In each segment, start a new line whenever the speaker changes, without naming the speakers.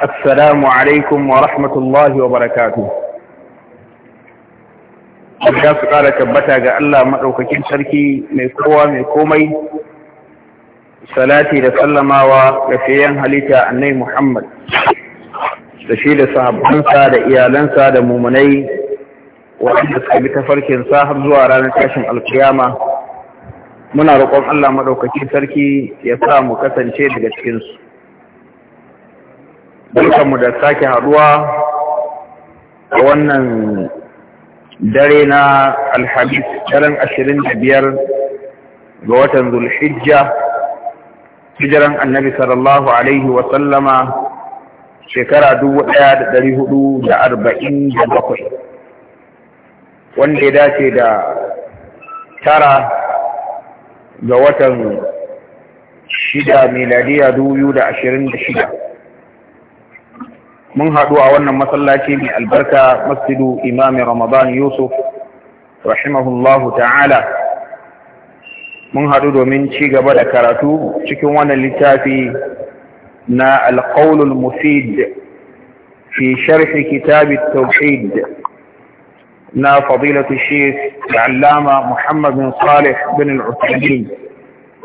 السلام عليكم ورحمة الله وبركاته Ya su ƙara tabbata ga Allah maɗaukakin sarki mai kowa mai komai, salati da sallamawa ga fiyen halitta annai Muhammad, da shi da sahabbansa da iyalansa da mumunai waɗanda suka bi tafarkinsa har zuwa ranar tashin alkiyama. Muna roƙon Allah maɗaukakin sarki ya sa mu kasance daga cikinsu. mu da sake haduwa a wannan dare na alhamis daren ashirin da biyar ga watan zulhijja hijiran annabi sallallahu alaihi wasallama shekara dubu ɗaya da ɗari hudu da arba'in da bakwai wanda ya dace da tara ga watan shida miladiya dubu da ashirin da shida mun haɗu a wannan masallaci mai albarka masjidu imami ramadan yusuf rahimahullahu ta'ala mun haɗu domin ci gaba da karatu cikin wannan littafi na alƙaulul mufid fi sharhi kitabi tauhid na fadilatu shif allama muhammad bin salih bin al'usaini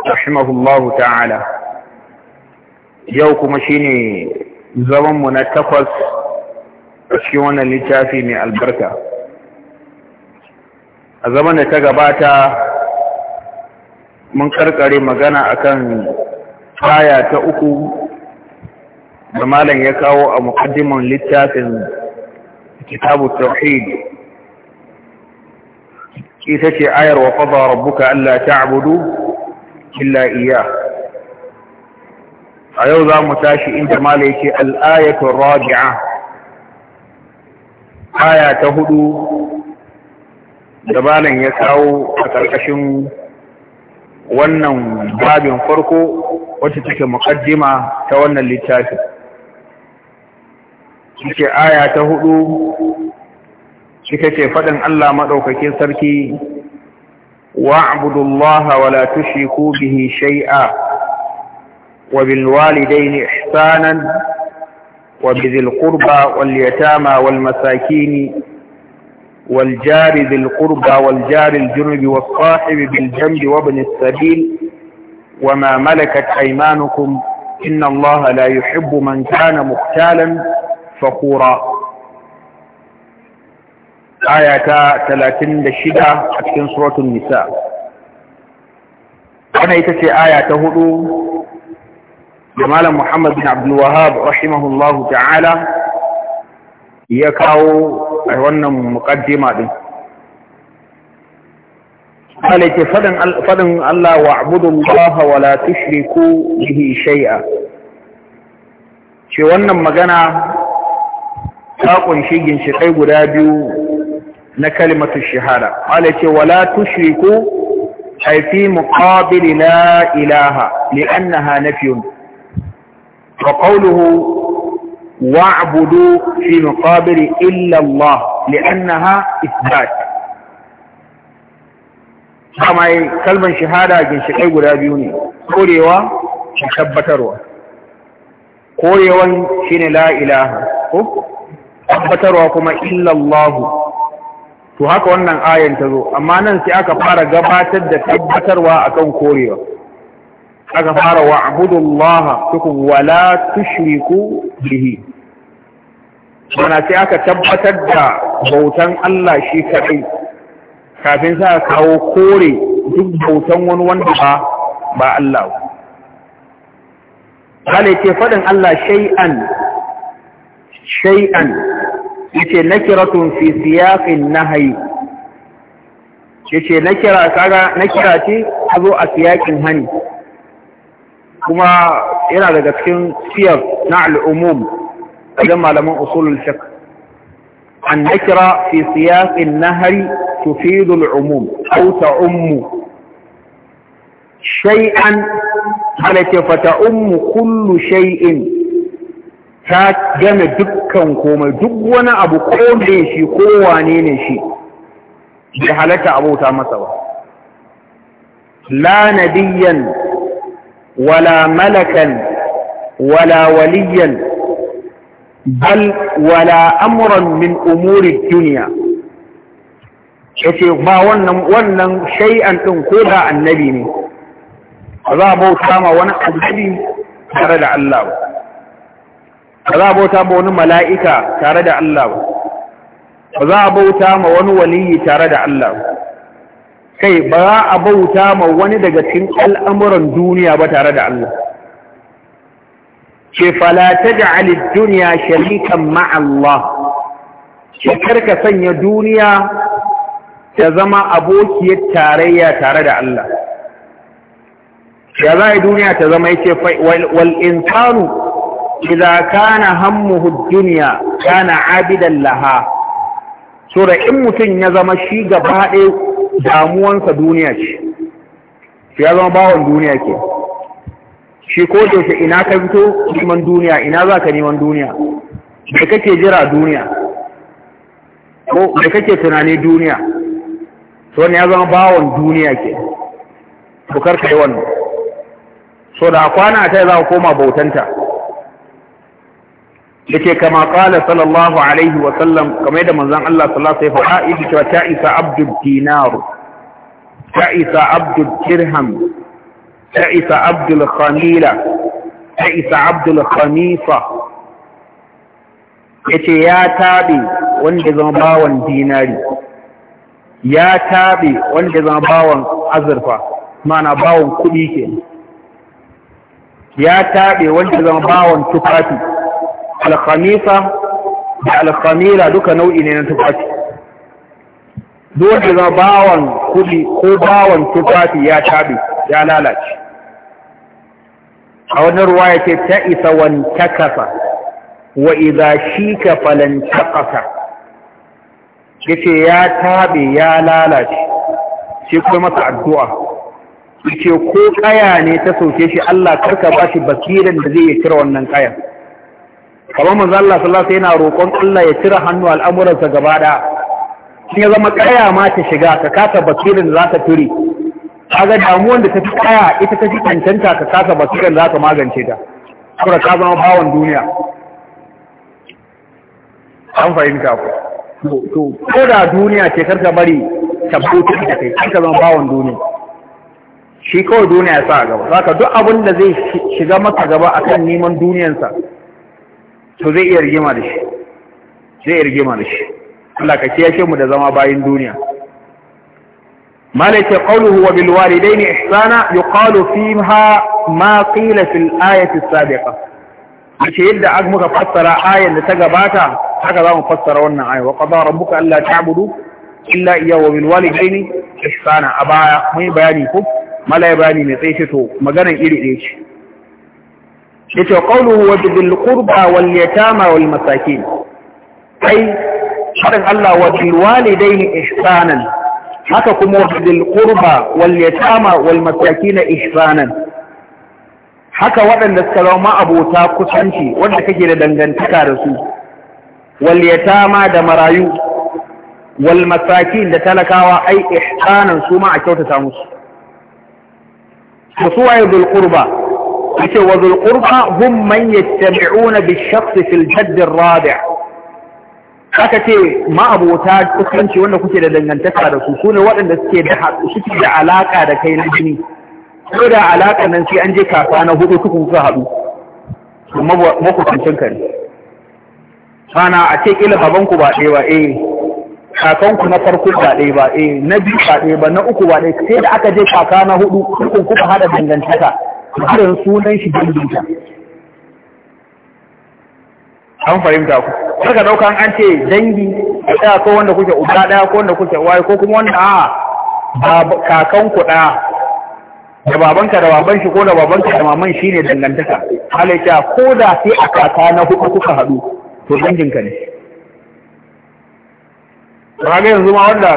rahimahullahu ta'ala yau kuma shine zamanmu na takwas a cikin wannan littafi mai albarka a zaman da ta gabata mun karkare magana akan kaya ta uku da malam ya kawo a muƙaddiman littafin kitabu tauhid ita ce ayar wa qada rabbuka alla ta'budu illa iyyah a yau za mu tashi inda mala yake al'ayatun rabi'a aya ta hudu da malam ya kawo a ƙarƙashin wannan babin farko wacce take muƙaddima ta wannan littafi suke aya ta hudu suke ce faɗin Allah maɗaukakin sarki wa'budullaha wala ko bihi shai'a. وبالوالدين إحسانا وبذي القربى واليتامى والمساكين والجار ذي القربى والجار الجنب والصاحب بالجنب وابن السبيل وما ملكت أيمانكم إن الله لا يحب من كان مختالا فخورا آية 36 أكين سورة النساء أنا يتسي آية هدو da malam Muhammad bin Abdul Wahhab rahimahullahu ta'ala ya kawo a wannan muqaddima din Allah ke Allah wa abudullaha wa la tushriku bihi shay'a ce wannan magana ta ƙunshi ginshikai guda biyu na kalimatu shahada Allah ce wa la tushriku ay fi muqabil la ilaha li'annaha nafyun وقوله واعبدوا في مقابر إلا الله لأنها إثبات kama kalman shahada ginshikai guda biyu ne korewa da tabbatarwa شين shine la ilaha ko tabbatarwa kuma الله to haka wannan ayan ta zo amma nan sai aka fara gabatar da tabbatarwa akan korewa aka fara wa abudullaha tukun wala tushriku bihi mana sai aka tabbatar da bautan Allah shi kaɗai kafin sa kawo kore duk bautan wani wanda ba ba Allah kale ce faɗin Allah shay'an shay'an yace nakiratun fi siyaqin nahyi yace nakira kaga nakira ce azo a siyaƙin hani kuma yana daga cikin siyar na al'umum wajen malaman usulul fiqh an nakira fi siyaqin nahari tufidu al'umum aw ta'ummu shay'an alaka fata'ummu kullu shay'in ta gane dukkan komai duk wani abu ko ne shi ko wane ne shi bai halatta abauta masa ba la nabiyyan ولا ملكا ولا وليا بل ولا أمرا من أمور الدنيا شفي ما ولا شيئا تنقلها النبي عذاب وثام ونحن النبي ترد الله عذاب وثام ون ملائكة ترد الله عذاب وثام ون ولي ترد الله, الله. kai ba za a bauta ma wani daga cikin al'amuran duniya ba tare da Allah Ke falata da aliduniya sharikan ma'allah ce karka sanya duniya ta zama abokiyar tarayya tare da Allah ya za a duniya ta zama yake wal'insanu idan kana hammuhu duniya kana abidan laha sura in mutum ya zama shi gaba ɗaya damuwansa duniya ce shi ya zama bawon duniya ke shi ko yaushe ina ka fito neman duniya ina za ka neman duniya da kake jira duniya ko da kake tunani duniya to ne ya zama bawon duniya ke bukar kai wannan so da kwana ta za ka koma bautanta yake kama qala sallallahu alaihi wa sallam kamar da manzon Allah sallallahu alaihi wa sallam yake cewa ta isa abdul dinar ta isa abdul dirham ta isa abdul khamila ta isa abdul khamisa yace ya tabe wanda zama bawan dinari ya tabe wanda zama bawan azurfa mana bawan kudi ke ya tabe wanda zama bawan tufafi Alkhamisa da alhamira duka nau'i ne na tufafi dole zama bawan kudi ko bawan tufafi ya tabi ya lalace a wani ruwa ya ce ta isa wanta kasa wa iza shi ka falanta kasa ya ce ya tabi ya lalace sai kuma masa addu'a ce ko kaya ne ta sauke shi Allah karka ba shi basirin da zai yi kira wannan kayan kamar manzo Allah sallallahu alaihi yana roƙon Allah ya cire hannu al'amuransa gaba da shi ya zama kaya ma ta shiga ka kasa basirin za ta ture kaga damuwan da ta fi kaya ita ta fi cancanta ka kasa basirin za ta magance ta saboda ka zama bawon duniya an fahimta ku to ko da duniya ce ta bari tabbutu da kai ka zama bawon duniya shi kawai duniya ya sa gaba Za ka duk abin da zai shiga maka gaba akan neman duniyansa. to zai iya rigima da shi zai iya rigima da shi Allah ka kiyashe mu da zama bayin duniya malaka qawluhu wa bil walidayni ihsana yuqalu fiha ma qila fil ayati sabiqa ce yadda aka muka fassara ayan da ta gabata haka zamu mu fassara wannan ayan wa qadara rabbuka alla ta'budu illa iyyahu wa bil walidayni ihsana a baya mun bayani ko malai bayani mai tsaye to maganar iri ɗaya ce yace qawluhu wa bil qurba wal yatama wal masakin ai harin Allah wa bil walidayni ihsanan haka kuma wa bil qurba wal yatama wal masakin ihsanan haka waɗanda suka zama abota kusanci wanda kake da dangantaka da su wal yatama da marayu wal masakin da talakawa ai ihsanan su ma a kyautata musu su suwaye bil qurba yace wa dhul hun hum man yattabi'una bi shakhs fil jadd rabi haka ce ma'abota, kusanci wanda kuke da dangantaka da su sune waɗanda suke da suke da alaka da kai na jini ko da alaƙa nan sai an je kaka na hudu suku kuka haɗu makusancin ka ne sana a ce ƙila babanku ba ɗaya ba eh kakanku na farko ba ɗaya ba eh na biyu ba ɗaya ba na uku ba ɗaya sai da aka je kaka na hudu suku kuka hada dangantaka harin sunan shi dangita an fahimta ku ka ɗaukan an ce dangi a ɗaya ko wanda kuke uba ɗaya ko wanda kuke waye ko kuma wanda a kakan kuɗa, ɗaya da babanka da baban shi ko da babanka da maman shi ne dangantaka halitta ko da sai a kaka na hudu kuka haɗu to danginka ne ba ga yanzu ma wanda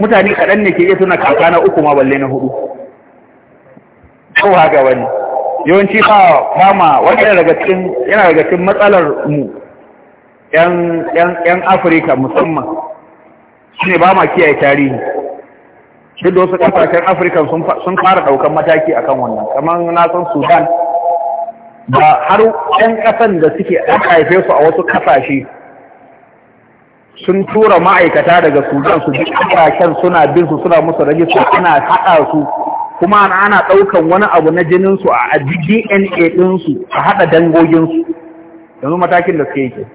mutane kaɗan ne ke iya suna kaka na uku ma balle na hudu Kowa ga wani yawanci ba fama wanda daga cikin yana daga cikin matsalar mu yan yan yan Afirka musamman shine ba ma kiyaye tarihi duk da wasu kasashen Afirka sun sun fara daukan mataki akan wannan kamar na san Sudan ba har yan kasan da suke aka haife su a wasu kasashe sun tura ma'aikata daga Sudan su duk kasashen suna bin su suna musu rajista ana haɗa su kuma ana ɗaukan wani abu na jininsu a DNA ɗinsu a haɗa dangoginsu yanzu matakin da suke yake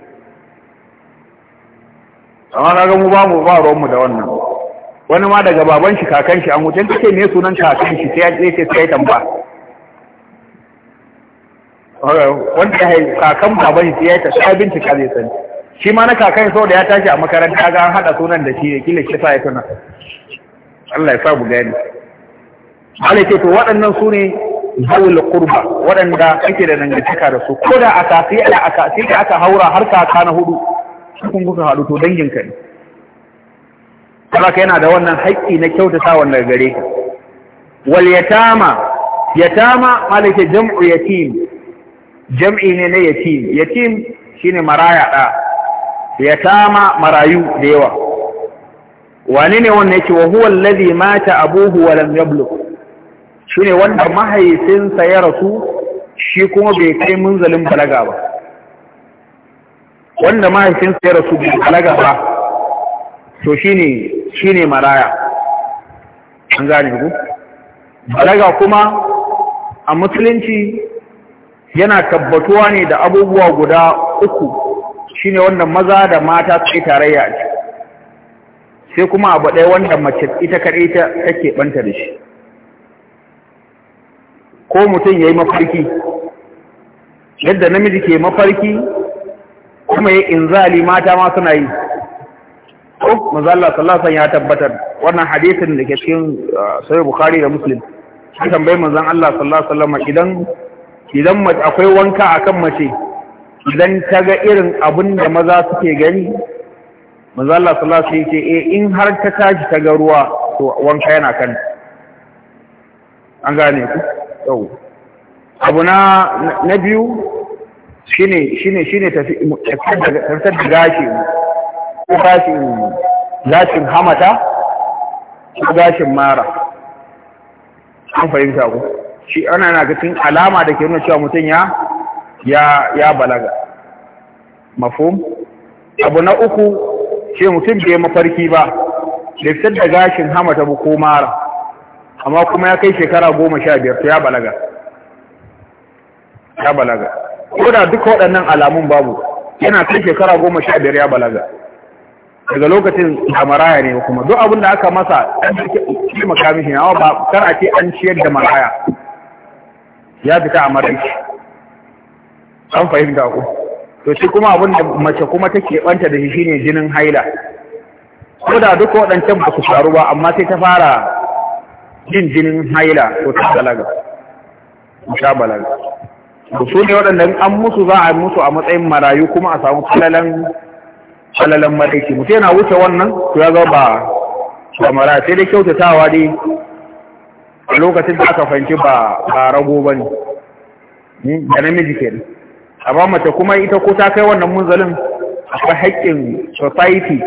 amma na mu ba mu ba ruwanmu da wannan wani ma daga baban shi kakan shi an wucin kake ne sunan kakan shi sai ya ce sai tamba wanda ya haifi kakan baban shi ya ta sai bincika zai sani shi ma na kakan sau da ya tashi a makaranta ga an haɗa sunan da shi ya kila sa ya tuna Allah ya sa mu gani Allah ce to waɗannan su ne zawul qurba waɗanda kake da dangantaka da su ko da aka sai ala aka sai ka aka haura har kaka na hudu kun kuka haɗu to dangin ka ne Allah yana da wannan haƙƙi na kyautata wannan gare ka wal yatama yatama Allah ce jam'u yatim jam'i ne na yatim yatim shine maraya da yatama marayu da yawa wani ne wannan yake wa huwa allazi mata abuhu wa lam yablugh ne wanda mahaifinsa ya rasu shi kuma bai kai munzalin balaga ba wanda mahaifinsa ya rasu bai balaga ba to shine ne maraya an gane ku balaga kuma a musulunci yana tabbatuwa ne da abubuwa guda uku shi ne wanda maza da mata su yi tarayya a ciki sai kuma abu ɗaya wanda mace ita kare ta take ɓanta da shi ko mutum ya yi mafarki yadda namiji ke mafarki kuma ya inzali mata ma suna yi ko mazalla sallasan ya tabbatar wannan hadisin da ke cikin ah, sahih bukhari da muslim an tambayi mazan Allah sallallahu idan idan akwai wanka akan mace idan ta ga irin abin da maza suke gani manzon Allah ya ce eh, in har ta tashi ta ga ruwa to wanka yana kan an gane ku yau abu na na biyu shine shine shine tafiyar da gashi ko gashin gashin hamata ko gashin mara an fahimta ku shi ana na tun alama da ke nuna cewa mutum ya ya balaga mafhum abu na uku ce mutum bai mafarki ba da fitar da gashin hamata ko mara amma kuma ya kai shekara goma sha biyar ta ya balaga ya balaga ko da duka waɗannan alamun babu yana kai shekara goma sha biyar ya balaga daga lokacin da maraya ne kuma duk abin da aka masa an ci makamishin yawa ba kar a ce an ciyar da maraya ya fita a maraici an fahimta ku to shi kuma abin da mace kuma ta keɓanta da shi shine jinin haila ko da duk waɗancan ba su faru ba amma sai ta fara jin jinin haila ko ta balaga ta balaga to su ne waɗanda an musu za a musu a matsayin marayu kuma a samu falalan falalan maraiki mutum yana wuce wannan to ya ga ba ba mara sai dai kyautatawa dai a lokacin da aka fahimci ba ba rago ba ne hmm, da namiji ke amma mace kuma ita ko ta kai wannan munzalin akwai haƙƙin society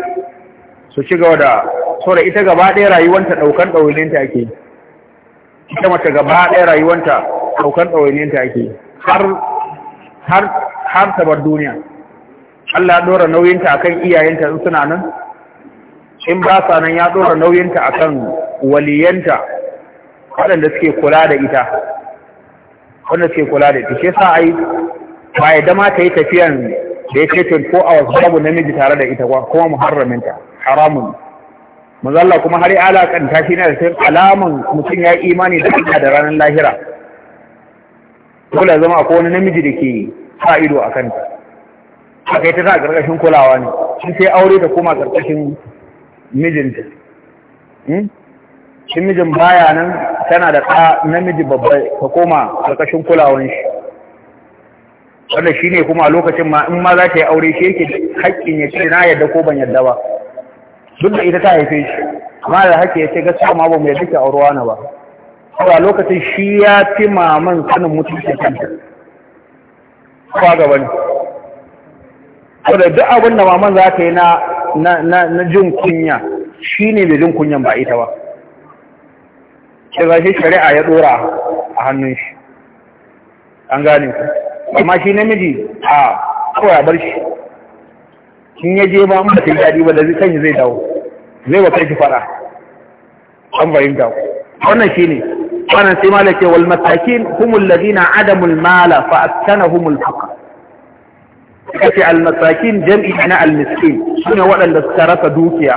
su ci gaba da saboda ita gaba ɗaya rayuwanta ɗaukan ɗaurinta ake yi ita mace gaba ɗaya rayuwanta ɗaukar ɗawainiyanta ake har ta bar duniya Allah ya ɗora nauyinta akan iyayenta in suna nan in ba sa nan ya ɗora nauyinta akan waliyanta waɗanda suke kula da ita wanda suke kula da ita shi yasa ai ba ya dama ta yi tafiyan da ya ce 24 hours babu namiji tare da ita kuma muharraminta haramun manzo Allah kuma har ya alakanta shi ne da sai alaman mutum ya imani da Allah da ranar lahira dole zama akwai wani namiji da ke sa ido a kanta haka ita ta karkashin kulawa ne shi sai aure ta koma karkashin mijinta hmm? shi mijin baya nan tana da ɗa namiji babba ta koma karkashin kulawan shi wanda shi ne kuma a lokacin ma in ma za ta yi aure shi yake haƙƙin ya ce na yadda ko ban yadda ba duk da ita ta haife shi amma da haka ya ce gaskiya ma ba mai yadda a na ba A lokacin shi ya fi maman sanin mutunci kanta Kuma gaba ne da duk abin da maman za ta yi na jin kunya shi ne da jin kunyan ba ita ba shi shari'a ya dora a hannun shi an gane ku amma shi namiji a kawai bar shi in ya je ba mu da daɗi ba da zai kanyi zai dawo zai ba kai fara an fahimta wannan shi ne. wannan sai malaka ce wal masakin humul ladina adamul mala fa askanahumul faqr kace al masakin jam'i na al miskin sune waɗanda suka rasa dukiya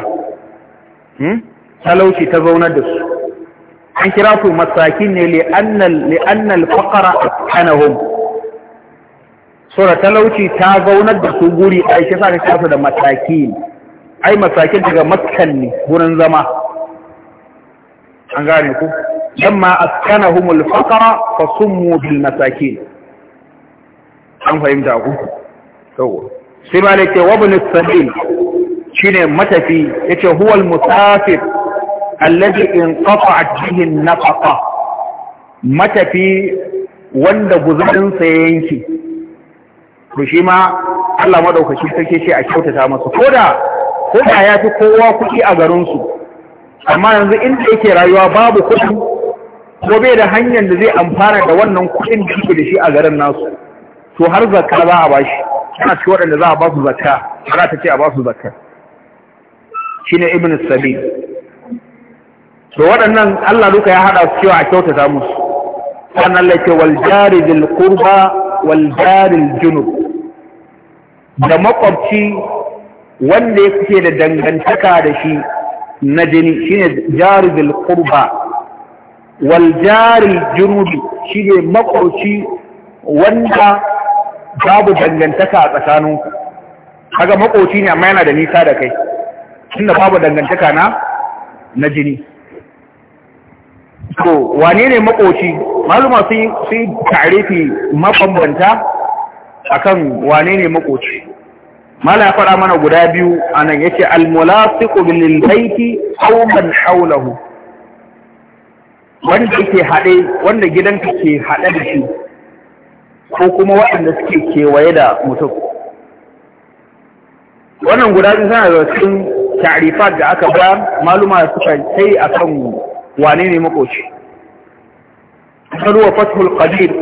hmm talauci ta zaunar da su an kira su masakin ne li annal li annal faqra askanahum sura talauci ta zaunar da su guri a shi sa ka kasa da mataki ai matakin daga makkan ne gurin zama an gane ku yamma askanahumul faqra fa summu bil masakin an fahimta ku to sai malike wa sabil shine matafi yace huwal musafir alladhi inqata'at bihi an-nafaqa matafi wanda guzurinsa yanki to shi ma Allah madaukakin sarki ce a kyautata masa ko da ya fi kowa kuɗi a garinsu amma yanzu in inda yake rayuwa babu kuɗi ko bai da hanyar da zai amfana da wannan kuɗin da yake da shi a garin nasu to har zakka za a bashi ana ci waɗanda za a ba su zakka ana ta ce a ba su zakka shine ibn sabi to waɗannan Allah duka ya haɗa su cewa a kyautata musu sannan lake wal jari bil qurba wal jari junub da makwabci wanda ya kuke da dangantaka da shi na jini ne jari bil kurba wal jari shi ne makwabci wanda babu dangantaka a tsakaninku Haga makwabci ne amma yana da nisa da kai tunda babu dangantaka na na jini to wane ne makwabci maluma sun yi tarifi mabambanta akan wane ne makoci mala ya faɗa mana guda biyu anan yace al-mulasiqu bil baiti aw man hawlahu wanda yake haɗe wanda gidanka ke haɗe da shi ko kuma waɗanda suke kewaye da mutum wannan guda biyu sana da cikin ta'rifat da aka ba maluma suka sai akan wane ne makoci Sarwa Fathul Qadir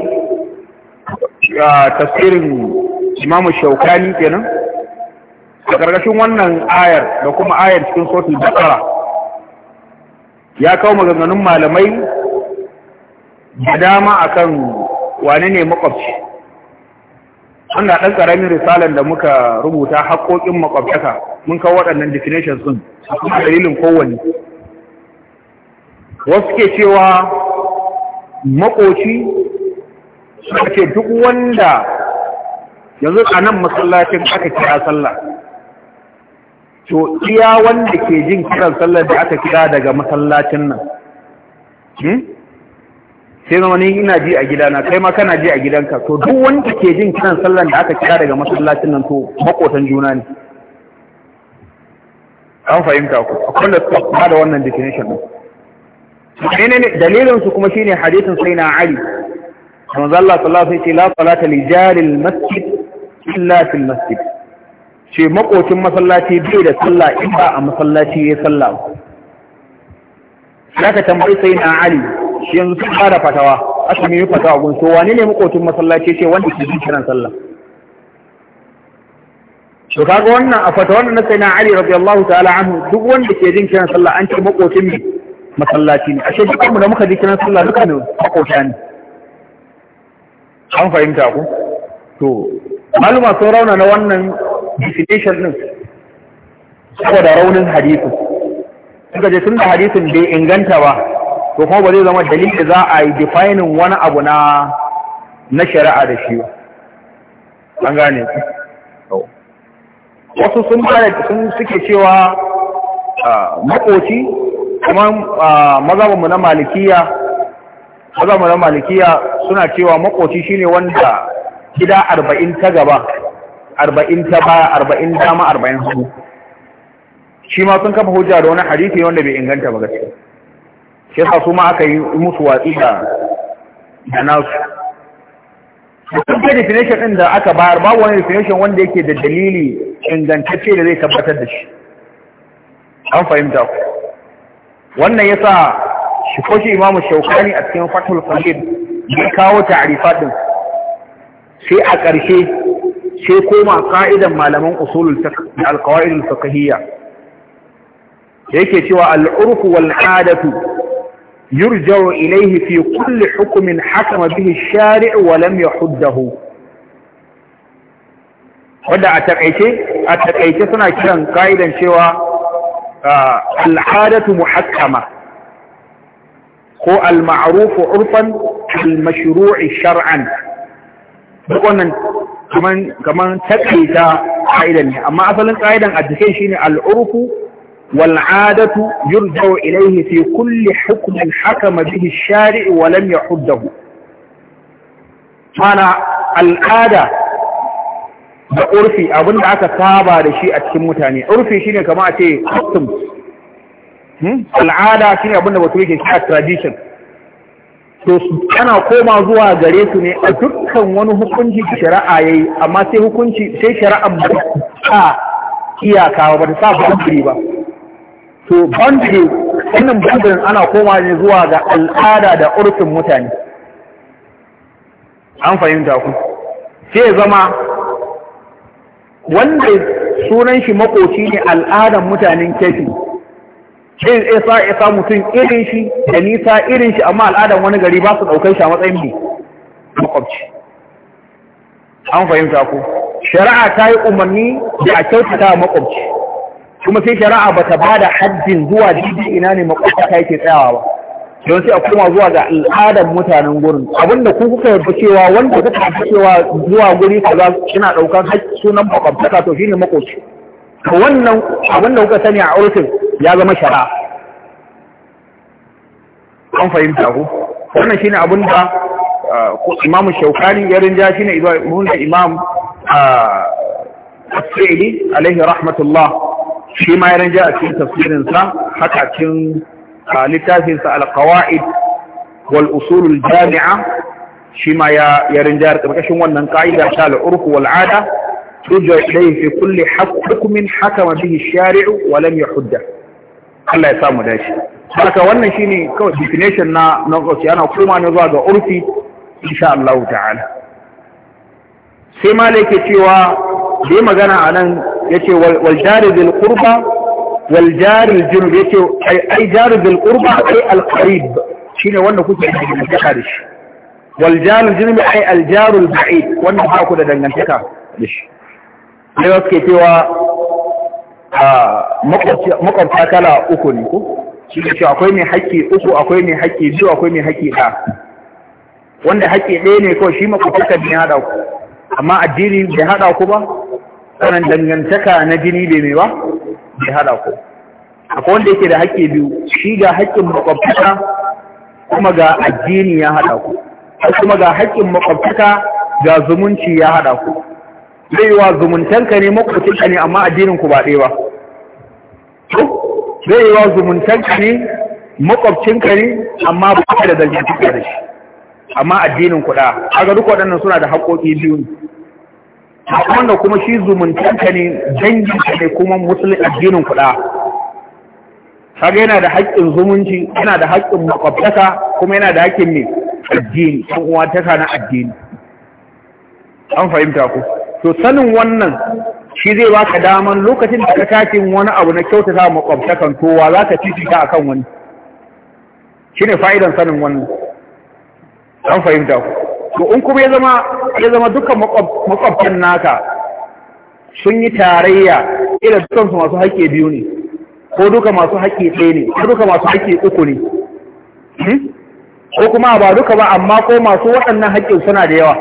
tafsirin imamu shaukani kenan a ƙarƙashin wannan ayar da kuma ayar cikin da bakara ya kawo maganganun malamai da dama akan wane ne makwabci wanda ɗan ƙaramin risalar da muka rubuta haƙoƙin makwabtaka mun kawo waɗannan definition sun, a kuma dalilin kowanne wasu ke cewa makoci ake duk wanda yanzu a nan masallacin aka kira sallah to iya wanda ke jin kiran sallar da aka kira daga masallacin nan hmm? sai zama ne ina ji a gidana kai ma kana ji a gidanka to duk wanda ke jin kiran sallar da aka kira daga masallacin nan to makotan juna ne an fahimta ku akwai da suka ba da wannan definition din dalilinsu kuma shi ne shine hadisin sai na Ali manzo Allah sallallahu alaihi la salata li jaril masjid illa fil masjid ce makocin masallaci bai da sallah in ba a masallaci ya sallah ka tambayi sai na Ali shi yanzu sun fara fatawa aka yi fatawa gun so wane ne makocin masallaci ce wanda ke jin kiran sallah to kaga wannan a fata wannan sai na Ali radiyallahu ta'ala anhu duk wanda ke jin kiran sallah an ce makocin masallaci ne ashe dukkan mu da muka ji kiran sallah dukkan mu makota ne an fahimta ku to maluma sun rauna na wannan definition din saboda raunin hadisin suka je tun da hadisin bai inganta ba to kuma ba zai zama dalili da za a yi defining wani abu na na shari'a da shi ba an gane ku wasu sun fara sun suke cewa ah, makoci kamar ah, mu na malikiya mazamu na malikiya suna cewa makoci shine wanda gida arba'in ta gaba arba'in ta baya arba'in dama arba'in hagu shi ma sun kafa hujja da wani hadisi wanda bai inganta ba gaskiya shi yasa su ma aka yi musu watsi da da nasu duk da definition ɗin da aka bayar babu wani definition wanda yake da dalili ingantacce da zai tabbatar da shi an fahimta ku wannan yasa shi ko shi imamu shaukani a cikin fatul qadir ya kawo ta'rifat din sai a ƙarshe sai koma ka'idan malaman usulul fiqh da alqawaidul fiqhiyya yake cewa al wal'adatu, wal 'adatu yurja'u ilayhi fi kulli hukmin hakama bihi shariu wa lam yahuddahu wanda a taƙaice a takaice suna kiran ka'idan cewa ah, al'adatu muhakkama ko al ma'arufu urfan al-mashru'i shar'an duk wannan kaman kaman takaita ka'ida ne amma asalin ka'idan addisai shine al-urfu wal'adatu 'adatu yurja'u ilayhi fi kulli hukmin hakama bihi ash-shari'u wa lam yahuddahu al'ada da urfi abinda aka saba da shi a cikin mutane urfi shine kama a ce customs Hmm? al'ada shi ne abinda batu yake shi a tradition to ana koma zuwa gare su ne a dukkan wani hukunci da shari'a yayi amma sai hukunci sai shari'a ba ta iyaka ba ta sa boundary ba to boundary wannan boundary ana koma ne zuwa ga al'ada da urfin mutane an fahimta ku sai zama wanda sunan shi makoci ne al'adan mutanen kefi sai ya sa ya mutum irin shi da nisa irin shi amma al'adan wani gari ba su ɗaukai shi a matsayin ne makwabci an fahimta ku? shari'a ta yi umarni da a kyautata wa makwabci kuma sai shari'a ba ta ba da haddin zuwa didi ina ne ta yake tsayawa ba don sai a koma zuwa ga al'adar mutanen gurin abinda ku kuka yarda cewa wanda kuka yarda cewa zuwa guri kaza kina ɗaukar sunan ka to shine makwabci to wannan abinda kuka sani a urfin ya zama shara an fahimta ku wannan shine abin da imamu shaukani ya rinja shine ibn imam as alaihi rahmatullah shi ma ya rinja a cikin tafsirin sa haka cikin littafinsa alkawa'id al wal usulul jamia shi ma ya ya rinja karkashin wannan ka'ida ta al-urf wal 'ada ترجع إليه في كل حكم bihi shari'u الشارع ولم يحده Allah ya samu dashi haka wannan shine kawai definition na na ƙoci ana koma ne zuwa ga urfi insha Allah ta'ala sai malai ke cewa da magana a nan ya ce wal jari bil qurba wal jari junub ya ce ai jari bil qurba ai al qarib shine wanda kuke da dangantaka da shi wal jari junub ai al jaru al ba'id wanda ba ku da dangantaka da shi sai wasu ke cewa makwabta kala uku ne ko shi ne cewa akwai mai haƙƙi uku akwai mai haƙƙi biyu akwai mai haƙƙi ɗaya wanda haƙƙi ɗaya ne kawai shi makwabtaka ne haɗa ku amma addini bai haɗa ku ba sanan dangantaka na jini bai mai ba bai haɗa ku akwai wanda yake da haƙƙi biyu shi ga haƙƙin makwabtaka kuma ga addini ya haɗa ku kuma ga haƙƙin makwabtaka ga zumunci ya haɗa ku zai wa zumuntanka ne makwabcinka ne amma addinin ku ba ɗaya ba zai yi wa zumuntanka ne makwabcinka ne amma ba ka da dangantuka da shi amma addinin kuɗa A ga duk waɗannan suna da haƙoƙi biyu ne wanda kuma shi zumuntanka ne danginka ne kuma musulun addinin kuɗa kaga yana da haƙƙin zumunci yana da haƙƙin makwabtaka kuma yana da haƙƙin ne addini ɗan uwa na addini an fahimta ku to sanin wannan shi zai baka daman lokacin da ka tashi wani abu na kyautata kan kowa za ka fifita akan wani shi ne fa'idan sanin wannan an fahimta to in kuma ya zama dukkan makwabtan naka sun yi tarayya ila dukansu masu haƙƙi biyu ne ko duka masu haƙƙi ɗaya ne ko duka masu haƙƙi uku ne hmm? ko kuma ba duka ba amma ko masu waɗannan haƙƙin suna da yawa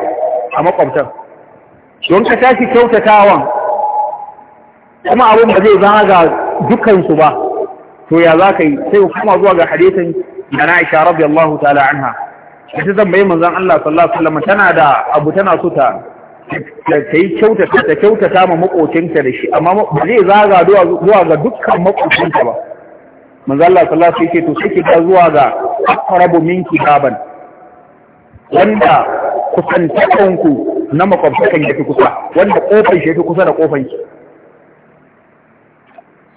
a makwabtan don ka tashi kyautatawan kuma abin ba zai zama ga dukansu ba to ya za ka yi sai ku kama zuwa ga hadisin da na isha rabbi Allah ta'ala anha ita tambayi manzan Allah sallallahu alaihi wasallam tana da abu tana so ta ta yi kyautata ta kyautata ma makocinta da shi amma ba zai zaga zuwa ga dukkan makocinta ba Manzan Allah sallallahu alaihi wasallam to sai ta zuwa ga akrabu minki baban wanda kusantakanku na makwabtakan yake kusa wanda kofar shi yake kusa da kofar ki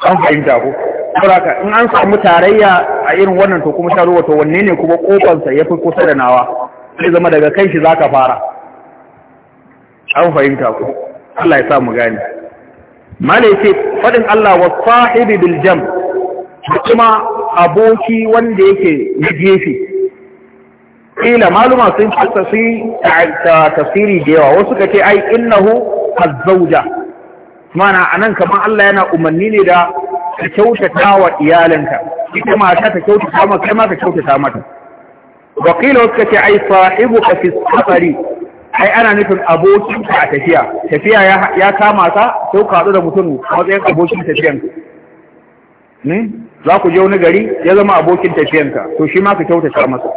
an fahimta ko saboda in an samu tarayya a irin wannan to kuma sharuwa to wanne ne kuma kofar ya fi kusa da nawa sai zama daga kai shi zaka fara an fahimta ko Allah ya sa mu gane malai ce fadin Allah wa sahibi bil jam kuma aboki wanda yake na gefe kila maluma sun ta tasiri da yawa wasu ka ce ai innahu az-zawja mana anan kamar Allah yana umarni ne da ka kyautata wa iyalinka ita mata ta kyautata maka kai ma ka kyautata mata wa suka ce ai ai sahibuka fi safari ai ana nufin abokin ka a tafiya tafiya ya kama ka sai ka haɗu da mutum a matsayin abokin tafiyan ne hmm? za ku je wani gari ya zama abokin tafiyanka to shi ma ka kyautata masa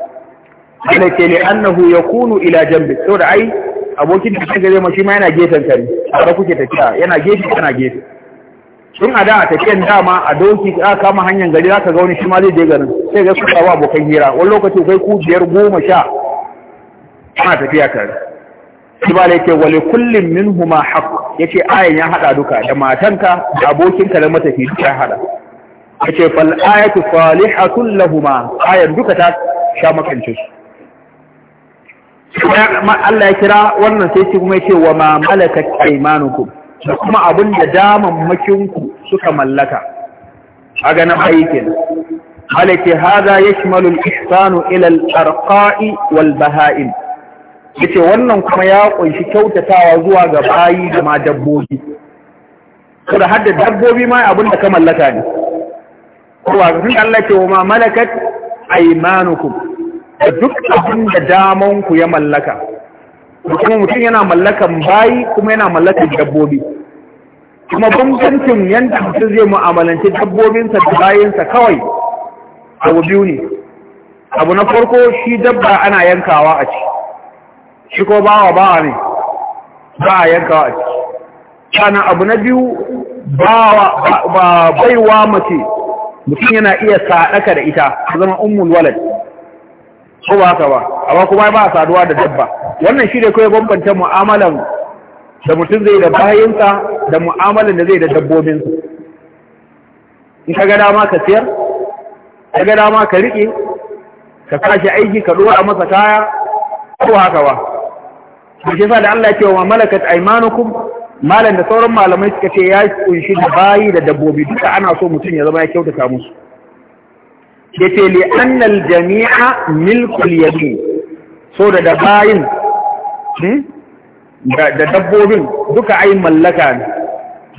Allah li annahu yakunu ila jambi saboda ai abokin tafiyanka zai ma shi ma yana gefen ka ne da kuke tafiya yana gefe kana gefe in a da a tafiyan dama a doki za kama hanyar gari za ka ga wani shi ma zai je garin sai ga suka ba abokan hira wani lokaci kai ku biyar goma sha ana tafiya tare shi ba yake wale kullum min huma Ya ce ayan ya haɗa duka da matanka da abokinka da matafi duka ya hada
yace fal ayatu salihatun
lahuma ayan duka ta sha makance su Allah ya kira wannan sai kuma ya ce wa ma malaka aymanukum da kuma abin da daman makinku suka mallaka a ganin aikin halace haza ya shi shimalul ihsanu ilal arqa'i wal baha'im yace wannan kuma ya kunshi kyautatawa zuwa ga bayi da ma dabbobi Kuma har da dabbobi ma abin da ka mallaka ne kowa sun Allah ce wa ma malakat aymanukum da duk abin da damanku ku ya mallaka kuma mutum yana mallakan bayi kuma yana mallakan dabbobi kuma bambancin yadda mutum zai mu'amalanci dabbobinsa da bayinsa kawai abu biyu ne abu na farko shi dabba ana yankawa a ci shi ko bawa bawa ne ba a yankawa a ci sannan abu na biyu ba baiwa mace mutum yana iya sadaka da ita zama ummul walad ko ba haka ba amma kuma ba a saduwa da dabba wannan shi ne kawai bambanta mu'amalan da mutum zai da bayinsa da mu'amalan da zai da dabbobinsa in ka ga dama ka siyar ka gada ma ka riƙe ka kashi aiki ka ɗora masa kaya ko haka ba shi yasa da Allah ya ce wa malakat aymanukum malan da sauran malamai suka ce ya kunshi da bayi da dabbobi duka ana so mutum ya zama ya kyautata musu yace li annal jami'a milkul yamin so da dabayin hmm? da dabbobin duka ai mallaka ne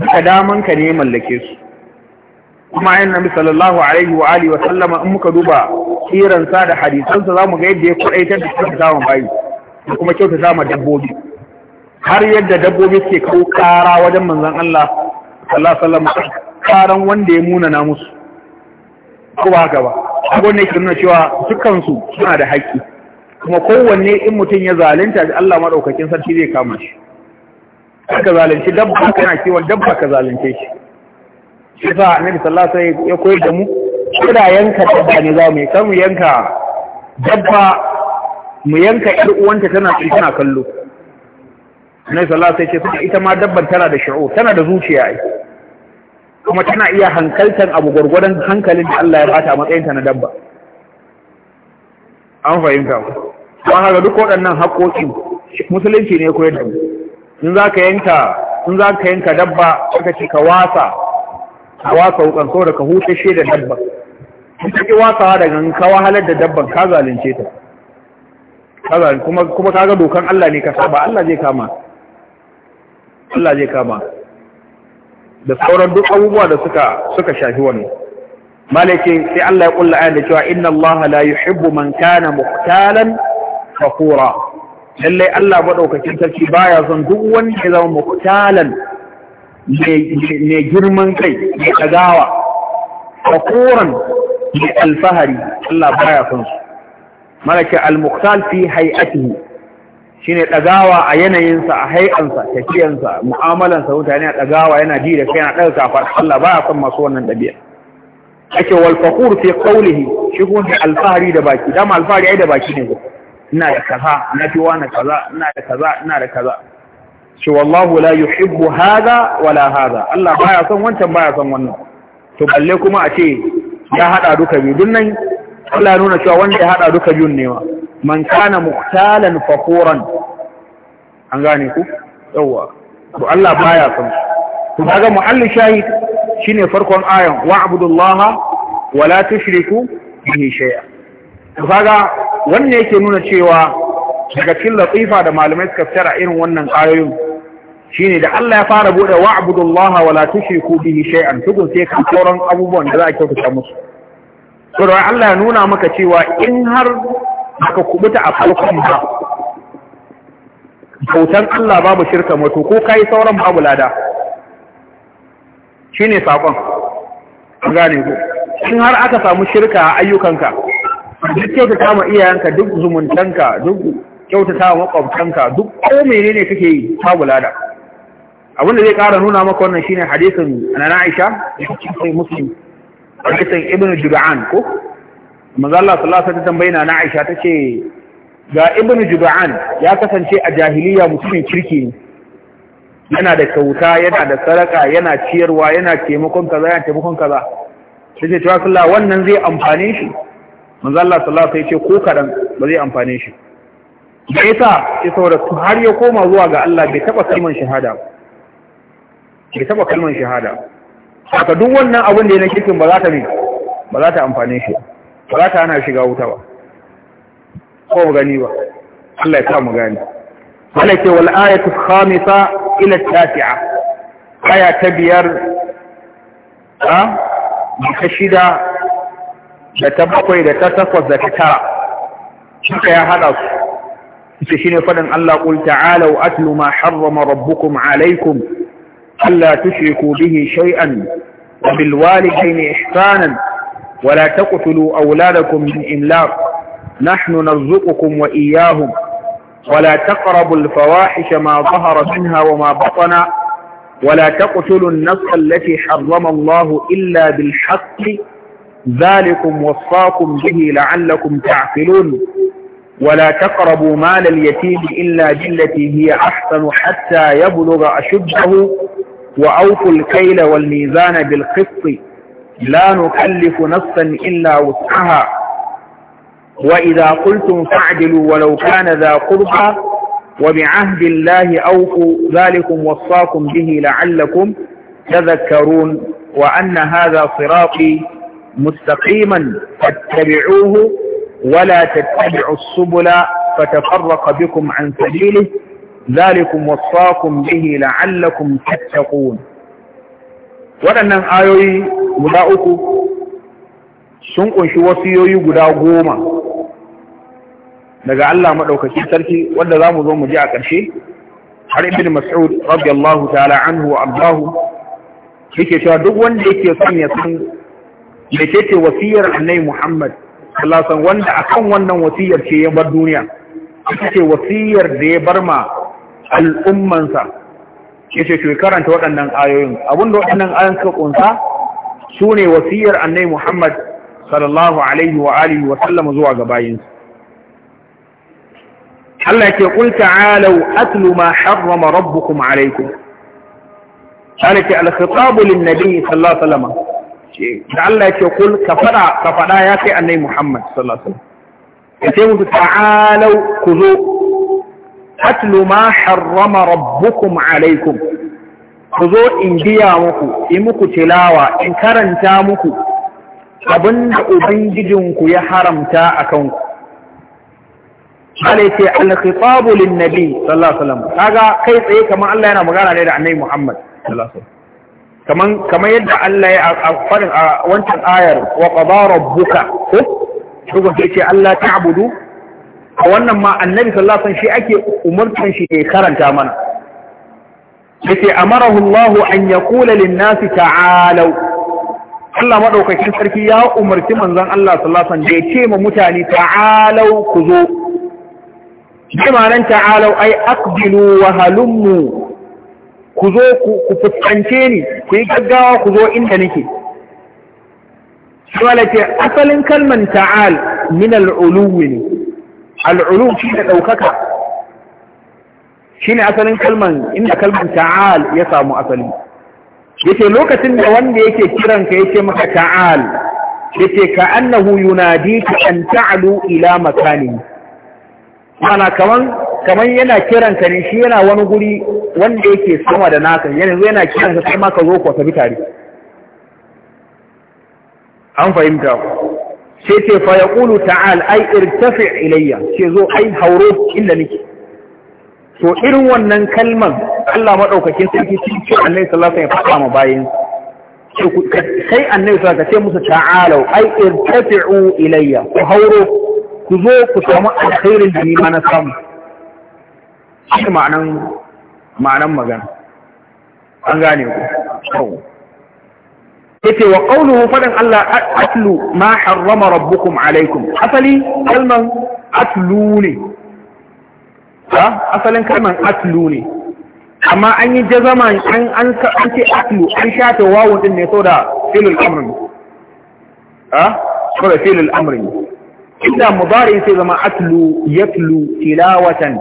duka damanka ne mallake su kuma ayin nabi sallallahu alaihi wa alihi wa sallama in muka duba sa da hadisansa zamu ga yadda ya kudaitar da kyautata wa bayi da kuma kyautata ma dabbobi har yadda dabbobi suke kawo kara wajen manzon Allah sallallahu alaihi wa sallam karan wanda ya munana musu kowa gaba abin da ke nuna cewa dukansu suna da haƙƙi kuma kowanne in mutum ya zalunta da Allah maɗaukakin sarki zai kama shi ka zalunci dabba kana kiwon dabba ka zalunce shi shi sa annabi sallallahu alaihi wasallam ya koyar da mu kada yanka dabba ne za mu kan mu yanka dabba mu yanka ƴar uwanta tana tana kallo annabi sallallahu alaihi wasallam ya ce ita ma dabban tana da shi'ur tana da zuciya ai kuma tana iya hankaltan abu gwargwadon hankalin da Allah ya bata a ta na dabba an fahimta ba haka duk waɗannan haƙoƙin musulunci ne koyar da mu in za ka yanka in za ka yanka dabba aka ce ka wasa ka wasa wukan so da ka shi da dabba in ka ki wasawa daga gan ka wahalar da dabban ka zalunce ta kuma kuma kaga dokan Allah ne ka saba Allah zai kama Allah zai kama da sauran duk abubuwa da suka suka shafi wannan malaki sai Allah ya kulla ayat da cewa inna Allah la yuhibbu man kana muhtalan fakura lalle Allah madaukakin sarki baya son duk wanda ya zama muhtalan ne girman kai ne kagawa fakuran ne alfahari Allah baya son su malaki al-muhtal fi hay'atihi shine ɗagawa a yanayinsa a haikansa tafiyansa mu'amalansa mutane a ɗagawa yana ji da kai yana ɗaga kafa Allah ba ya son masu wannan ɗabi'a ake wal fakhur fi qawlihi shi kuma fi alfahari da baki dama alfahari ai da baki ne ina da kaza na fi wani kaza ina da kaza ina da kaza shi wallahu la yuhibbu hadha wala hadha Allah baya son wancan baya son wannan to balle kuma a ce ya hada duka biyu dun nan ya nuna cewa wanda ya hada duka biyun ne ma man kana muhtalan fakuran an gane ku yawa to Allah baya son to kaga mu'allu shahid shine farkon ayan wa abudullaha wala tushriku bihi shay'a to kaga wannan yake nuna cewa daga cikin latifa da malamai suka tsara irin wannan ayoyin shine da Allah ya fara bude wa abudullaha wala tushriku bihi shay'an tukun sai kan sauran abubuwan da za a kyautata musu to da Allah ya nuna maka cewa in har baka kubuta a farkon ba bautan Allah babu shirka mutu ko kai sauran babu lada shine sakon gane ku in har aka samu shirka a ayyukanka duk kyautata ma iyayenka duk zumuntanka duk kyauta ta makwabtanka duk ko menene kake yi babu lada abin da zai kara nuna maka wannan shine hadisin na Aisha da cikin Muslim hadisin Ibn Jud'an ko manzo Allah sallallahu alaihi tambayi na Aisha ta ce. ga ibnu juba'an ya kasance a jahiliya mutumin kirki yana da kyauta yana da saraka yana ciyarwa yana taimakon kaza yana taimakon kaza ta ce Allah wannan zai amfane shi manzo Allah sallallahu alaihi ce ko kadan ba zai amfane shi da yasa sai saboda har ya koma zuwa ga Allah bai taba kalman shahada bai taba kalman shahada haka duk wannan abin da yana kirkin ba za ta ne ba za ta amfane shi ba za ta hana shiga wuta ba ko gani ba Allah ya sa mu gani
wala ce wal ayatu khamisa
ila tasi'a aya ta biyar ha ta shida da ta bakwai da ta takwas da ta tara suka ya hada su ce shine faɗin Allah qul wa atlu ma harrama rabbukum alaykum alla tushriku bihi shay'an وبالوالدين إحسانا ولا تقتلوا أولادكم من إملاق نحن نرزقكم وإياهم ولا تقربوا الفواحش ما ظهر منها وما بطن ولا تقتلوا النفس التي حرم الله إلا بالحق ذلكم وصاكم به لعلكم تعقلون ولا تقربوا مال اليتيم إلا بالتي هي أحسن حتى يبلغ أشده وأوفوا الكيل والميزان بالقسط لا نكلف نفسا إلا وسعها وإذا قلتم فاعدلوا ولو كان ذا قربى وبعهد الله أوفوا ذلكم وصاكم به لعلكم تذكرون وأن هذا صراطي مستقيما فاتبعوه ولا تتبعوا السبل فتفرق بكم عن سبيله ذلكم وصاكم به لعلكم تتقون ولن ayoyi guda uku sun kunshi wasiyoyi guda goma daga Allah maɗaukaki sarki wadda za mu zo mu ji a ƙarshe har ibn mas'ud radiyallahu ta'ala anhu wa abdahu yake cewa duk wanda yake son ya san da ce wasiyar annabi Muhammad sallallahu alaihi wanda akan wannan wasiyar ce ya bar duniya yake ce wasiyar da ya bar ma al'ummansa ce to karanta waɗannan ayoyin abinda waɗannan ayoyin suka kunsa su ne wasiyar annai Muhammad sallallahu alaihi wa alihi wa sallam zuwa ga bayinsu Allah ke kul ta'alu atlu ma harrama rabbukum alaikum Allah ke al lin nabi sallallahu alaihi wa sallam Allah ke kul ka fada ka fada ya kai annai Muhammad sallallahu alaihi wa sallam ke ta'alu kuzu atlu ma harrama rabbukum alaikum ku zo in biya muku in muku tilawa in karanta muku abin da ubangijinku ya haramta a kanku Allah ce al-khitabu lin-nabi sallallahu alaihi wasallam kaga kai tsaye kamar Allah yana magana ne da annai Muhammad sallallahu kamar yadda Allah ya faɗin a wancan ayar wa qada buka, ko ke ce Allah ta'budu a wannan ma Annabi sallallahu alaihi wasallam shi ake umurtan shi ya karanta mana yake amarahu Allah an yaqula lin-nasi ta'alu Allah madaukakin sarki ya umarci manzon Allah sallallahu alaihi wasallam da ya ce ma mutane ta'alu ku zo ta'alu ai aqbilu wa halummu ku ku fuskance ni ku yi gaggawa kuzo zo inda nake sai ce asalin kalman ta'al min al'uluwi ne, al'uluwi shi da ɗaukaka ne asalin kalman inda kalman ta'al ya samu asali ce lokacin da wanda yake kiran ka ce maka ta'al ce ka annahu diki an ta'alu ila makani mana kaman kaman yana kiran ka ne shi yana wani guri wanda yake sama da naka yanzu yana kiran ka kuma ka zo ka bi tare an fahimta sai ce fa yaqulu ta'al ay irtafi ilayya ce zo ai hauro inda niki. to irin wannan kalman Allah maɗaukakin sarki shi ce annai sallallahu ya faɗa ma bayan. sai annai sallallahu ka ce musu ta'alau ai irtafi'u ilayya ku hauro ku zo ku samu alkhairin da ni ma na samu shi ma'anan ma'anan magana an gane ku yace wa qawluhu fadan Allah atlu ma harrama rabbukum alaikum asali kalman atlu ne ha asalin kalmar atlu ne amma an yi jazama an an an ce atlu an shafe wawun din ne saboda filul amrin ha saboda filul amrin inda mudari sai zama atlu yatlu tilawatan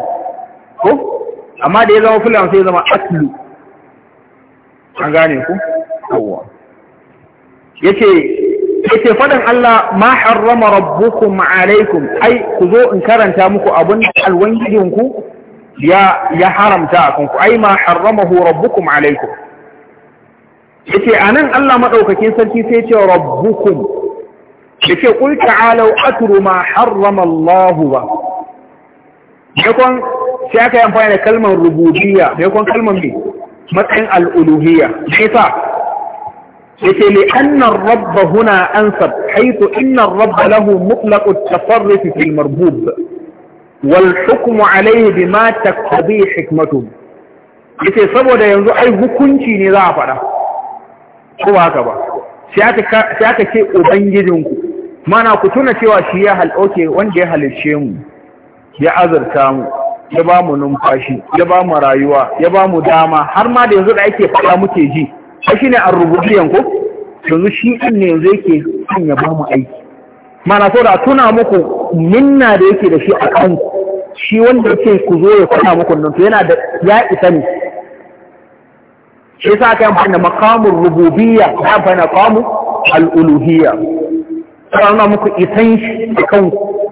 ko amma da ya zama filan sai zama atlu an gane ku yawa yace yake faɗin Allah ma harrama rabbukum alaikum ai ku zo in karanta muku abin da alwangijinku ya ya haramta a kanku ai ma harramahu rabbukum alaikum yace anan Allah madaukakin sarki sai ce rabbukum yace qul ta'alu atru ma harrama Allah ba yakon sai aka yi amfani da kalmar rububiyya yakon kalmar bi matsayin al'uluhiyya sai yake li annan rabba huna ansab haitu innan rabba lahu mutlaqu tasarrufi fil marbub wal hukmu alayhi bima taqtadi hikmatu yace saboda yanzu ai hukunci ne za a faɗa ko ba haka ba sai aka ce ubangijinku mana ku tuna cewa shi ya halɗauke wanda ya halicce mu ya azurta mu ya ba mu numfashi ya ba mu rayuwa ya ba mu dama har ma da yanzu da ake faɗa muke ji a shi ne a rubutu yanku yanzu shi ɗin ne yanzu yake son ya ba mu aiki mana so da tuna muku minna da yake da shi a kanku shi wanda yake ku zo ya faɗa muku nan to yana da ya isa ne shi yasa aka yi amfani da makamun rububiyya ya amfani da makamun al'uluhiyya tana muku isan shi a kanku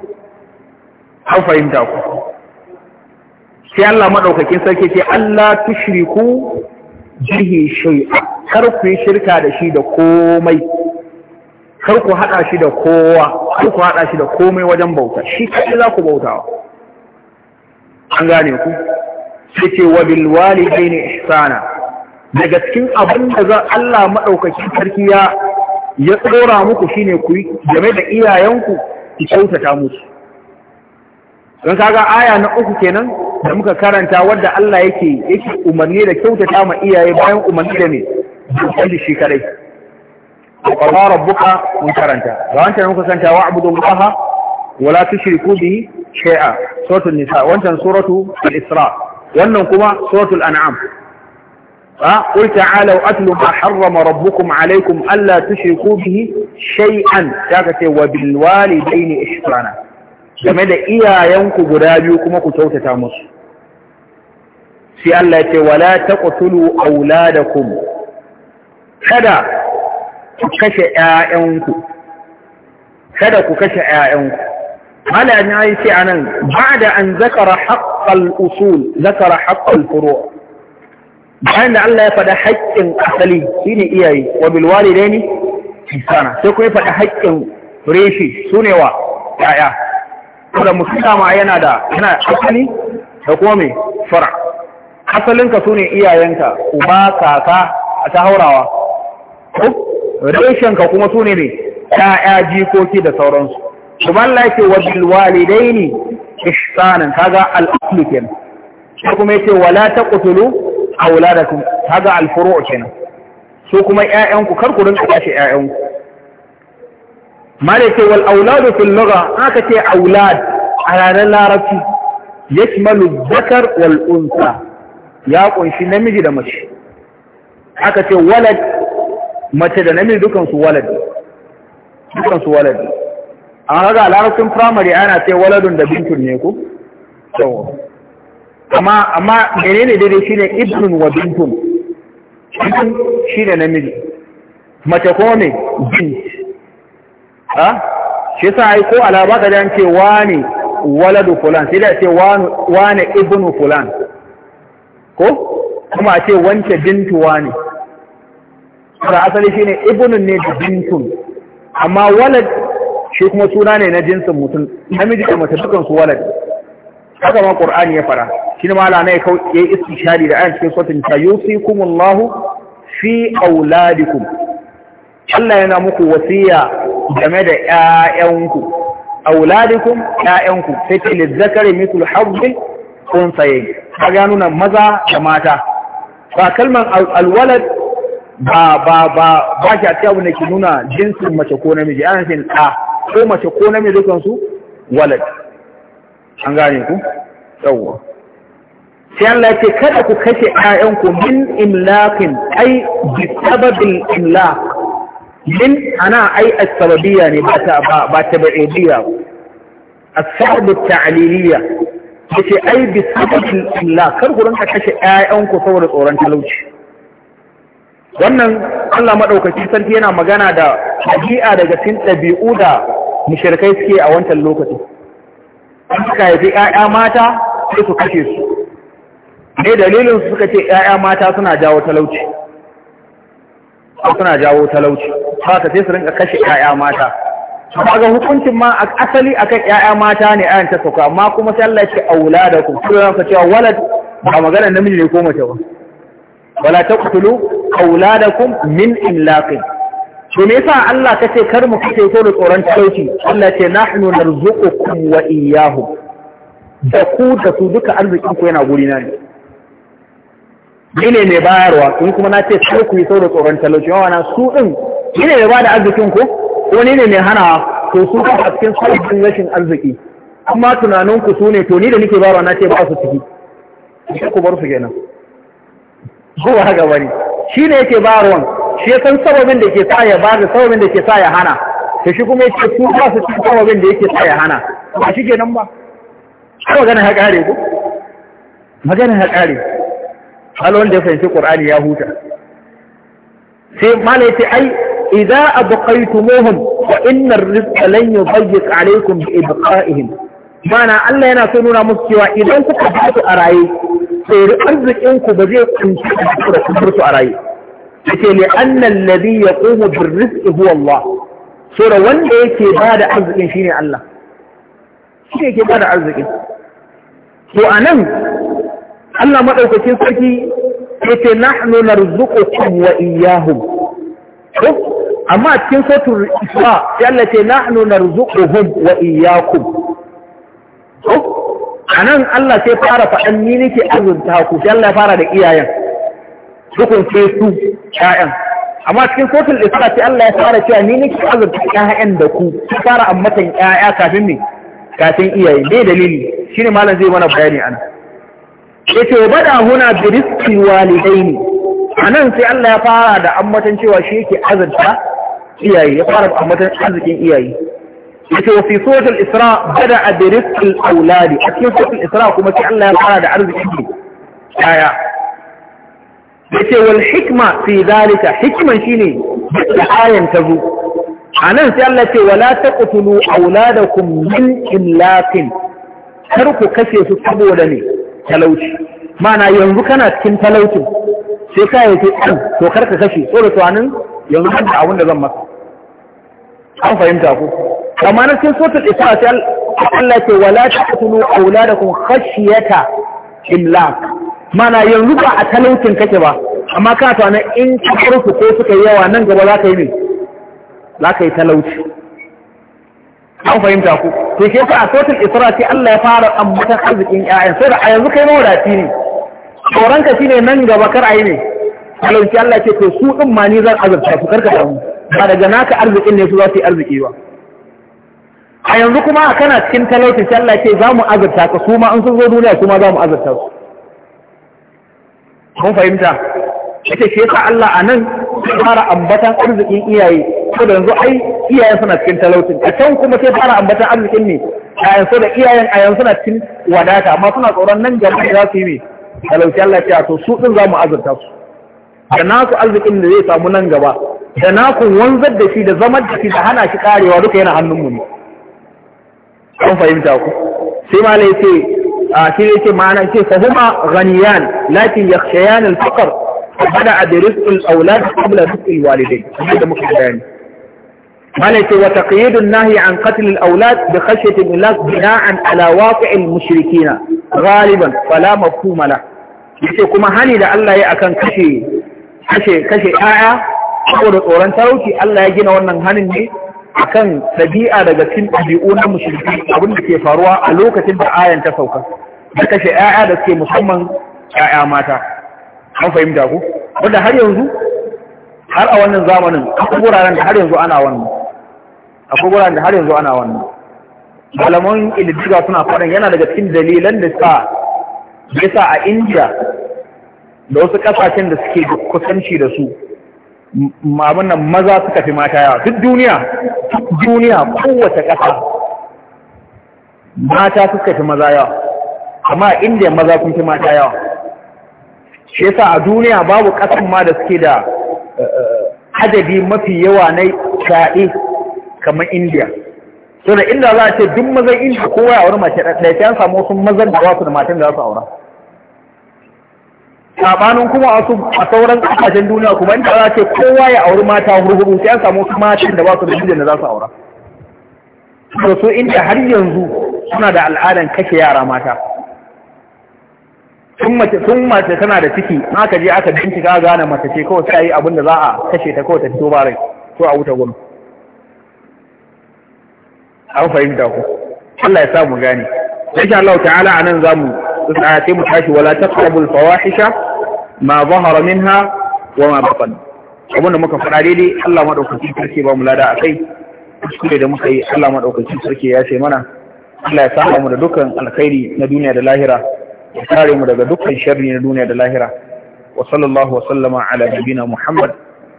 an fahimta ku sai Allah maɗaukakin sarki ce Allah tushriku bihi shay'a kar ku yi shirka da shi da komai kar ku haɗa shi da kowa kar ku haɗa shi da komai wajen bauta shi kaɗai za ku bautawa
an gane ku sai ce wa
bil walidaini ihsana daga cikin abin da za Allah maɗaukaki sarki ya ya tsora muku shine ku yi game da iyayenku ki kyautata musu don kaga aya na uku kenan da muka karanta wadda Allah yake yake umarni da kyautata ma iyaye bayan umarni da ne dukkan shi kadai wa qadara rabbuka mun karanta ga wancan muka santa wa abudu allaha wa la tushriku bihi shay'a suratul nisa wancan suratu al-isra wannan kuma suratul an'am قل تعالوا أتل ما حرم ربكم Ya ka تشركوا به شيئا تاكت وبالوالدين إحسانا game da iyayenku guda biyu kuma ku kyautata musu sai Allah ce wala taqtulu auladakum kada ku kashe ‘ya'yanku kada ku kashe ‘ya'yanku malayan ya yi ce a nan ba da an zakara haƙƙal usul zakara haƙƙal furo bayan da Allah ya faɗa haƙƙin asali shi ne iyaye wa bilwari dai ne insana sai kuma ya faɗa haƙƙin reshi su ne wa ‘ya'ya kada musulma ma yana da yana asali da kuma mai fara asalinka su ne iyayenka uba kaka a ta haurawa reshenka kuma su ne ne ‘ya'ya jikoki da sauransu kuma Allah yake wa bilwalidai ne ishtanin kaga al'aslu kenan shi kuma yake wala ta kutulu a wula da kuma kaga alfuro kenan su kuma ‘ya'yanku kar ku rinka kashe ‘ya'yanku malaka wal auladu fil lugha aka ce aulad a ranar larabci yashmalu zakar wal unsa ya kunshi namiji da mace aka ce walad mace da namiji dukansu walad dukansu walad an raga a larabcin firamare ana ce waladun da bintun ne ku amma amma menene daidai shine ibnun wa bintun ibn shine namiji mace kuma ne bint ha shi sa ai ko alaba ka dan ce wani waladu fulan sai da ce wani ibnu fulan ko kuma a ce wance bintu wani da asali shine ibnun ne da bintun amma walad shi kuma suna ne na jinsin mutum namiji da mace dukan su walad haka ma qur'ani ya fara shi ne malama ya kau yayi istishari da ayan cikin suratul ta fi auladikum Allah yana muku wasiya game da ƴaƴanku auladikum ƴaƴanku sai ta lizzakari mithlu hazzil unsayin ka nuna maza da mata ba kalmar alwalad ba ba ba ba shi a cikin abin da ke nuna jinsin mace ko namiji ana nufin ɗa ko mace ko namiji dukan su walad an gane ku yawwa sai Allah ce kada ku kashe ƴaƴanku min imlakin ai bi sababil imlak min ana ai as-sababiyya ne ba ta ba ba tabi'iyya as-sabab at-ta'liliyya ai bi sababil imlak kar ku ranka kashe ƴaƴanku saboda tsoron talauci wannan Allah maɗaukaki sarki yana magana da ɗabi'a daga cikin ɗabi'u da mushrikai suke a wancan lokaci an suka haifi 'ya'ya mata sai su kashe su ne dalilin suka ce 'ya'ya mata suna jawo talauci suna jawo talauci haka sai su rinka kashe 'ya'ya mata amma ga hukuncin ma a asali akan 'ya'ya mata ne ayan ta sauka amma kuma sai Allah ya ce auladakum sai ka cewa walad ba magana namiji ne ko mace ba wala taqtulu auladakum min imlaqin to me yasa Allah ka ce kar mu kace so da tsoron talauci Allah ce nahnu narzuqukum wa iyyahum da ku da su duka arzikin ku yana guri na ne ne mai bayarwa kun kuma na ce sai ku yi so da tsoron talauci yawa na su din ne mai bada arzikin ku ko ne mai hana to su ka cikin sabbin rashin arziki amma tunaninku su ne to ni da nake bayarwa na ce ba su ciki ku bar su kenan kowa haka bane shi ne yake ba ruwan shi ya san sababin da ke sa ya ba da sababin da ke sa ya hana to shi kuma yake su ba su cikin sababin da yake sa ya hana ba shi kenan ba har magana ya kare ko magana ya kare hal wanda ya fahimci qur'ani ya huta sai malai ce ai idza abqaytumuhum wa inna ar-rizqa lan yubayyiq alaykum bi ibqa'ihim mana Allah yana so nuna musu cewa idan kuka ba su a raye tsere arzikinku ba zai kunshi a cikin da kuma su a raye yake ne annan ladhi ya bir rizqi huwa Allah so da wanda yake ba da arzikin shine Allah shi yake ba da arzikin to a nan Allah madaukakin sarki "na nahnu kan wa iyyahum amma cikin sautul isra ya Allah ce nahnu narzuquhum wa iyyakum a nan Allah sai fara faɗan ni nake azurta ku sai Allah ya fara da iyayen dukun sai su ƴaƴan amma cikin kotun suka sai Allah ya fara cewa ni nake azurta ƴaƴan da ku sai fara ammatan ƴaƴa kafin ne, kafin iyaye me dalili shine malam zai mana bayani an yace bada huna bi rizqi walidaini anan sai Allah ya fara da ammatan cewa shi yake azurta iyaye ya fara ammatan arzikin iyaye yake wa fi suratul isra bada bi rizqil auladi a cikin suratul isra kuma sai Allah ya fara da arziki yaya yake wal hikma fi dalika hikman shine da ayan ta zo anan sai Allah ce wala taqtulu auladakum min imlaqin kar ku kashe su saboda ne talauci mana yanzu kana cikin talaucin sai ka yi to kar ka kashe So tsoro tsanin yanzu ban da abin da zan maka an fahimta ku amma na cikin sotar isa sai Allah ce wala taqtulu auladakum khashyata imla mana yanzu ba a talaucin kake ba amma kana ta in ka furfu ko suka yi yawa nan gaba za ka yi ne za ka yi talauci an fahimta ku to ke sa a sotar isra sai Allah ya fara ambatan arzikin ƴaƴan sai da a yanzu kai mawadaci ne tsoron ka shine nan gaba kar a yi ne talauci Allah ce to su ɗin ma ni zan azurta su karka damu ba daga naka arzikin ne su za su yi arziki ba a yanzu kuma kana cikin talauci sai Allah ce za mu azurta ka su ma an sun zo duniya su ma za mu azurta su mun fahimta yace shi yasa Allah a nan fara ambatan arzikin iyaye ko da yanzu ai iyaye suna cikin talaucin a can kuma sai fara ambatan arzikin ne a yanzu da iyayen a yanzu suna cikin wadata amma suna tsoron nan gaba za su yi ne talauci Allah ce a to su ɗin za mu azurta su da naku arzikin da zai samu nan gaba da naku wanzar da shi da zamar da shi da hana shi karewa duka yana hannunmu ne an fahimta ku sai ma lai ce a shi ne ce ma'ana ce fahuma ghaniyan lakin yakhshayan al-faqr bada adrisul aulad qabla rizqil walidain da muke bayani malai ce wa taqyidun nahi an qatl al-aulad bi khashyati al-nas bina'an ala waqi'il mushrikina ghaliban fala mafhuma la yace kuma hani da Allah ya akan kashe kashe kashe aya saboda tsoron talauci Allah ya gina wannan hanin ne akan ɗabi'a daga cikin ɗabi'u na musulmi abin da ke faruwa a lokacin da ayan ta sauka da kashe 'ya'ya da suke musamman 'ya'ya mata an fahimta ku wanda har yanzu har a wannan zamanin akwai wuraren da har yanzu ana wannan akwai wuraren da har yanzu ana wannan malaman iliddiga suna faɗin yana daga cikin dalilan da sa yasa a India da wasu ƙasashen da suke kusanci da su mamunan maza suka fi mata yawa duk duniya duniya kowace ƙasa mata suka fi maza yawa amma indiya maza sun fi mata yawa shi yasa a duniya babu ƙasan ma da suke da eh, eh, adadi mafi yawa na sha'i kamar indiya so da inda za a ce duk mazan indiya kowa ya wani mace ɗaya sai an samu wasu mazan da wasu da matan da za su aura sabanin kuma a sauran kasashen duniya kuma inda za ce kowa ya auri mata hurhuru sai an samu matan da ba su da mijin da za su aura to su inda har yanzu suna da al'adan kashe yara mata sun mace sun mace tana da ciki ka je aka bincika gane mace ce kawai sai abin da za a kashe ta kawai ta fito ba rai to a wuta gwamnati an fahimta ku Allah ya samu gane insha Allah ta'ala anan zamu sai mu tashi wala taqrabul fawahisha ma zahara minha wa ma batan abin da muka faɗa daidai Allah madaukakin sarki ba mu lada akai kuskure da muka yi Allah madaukakin sarki ya ce mana Allah ya saka mu da dukkan alkhairi na duniya da lahira ya kare mu daga dukkan sharri na duniya da lahira wa sallallahu wa sallama ala nabina Muhammad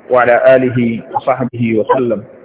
wa ala alihi wa sahbihi wa sallam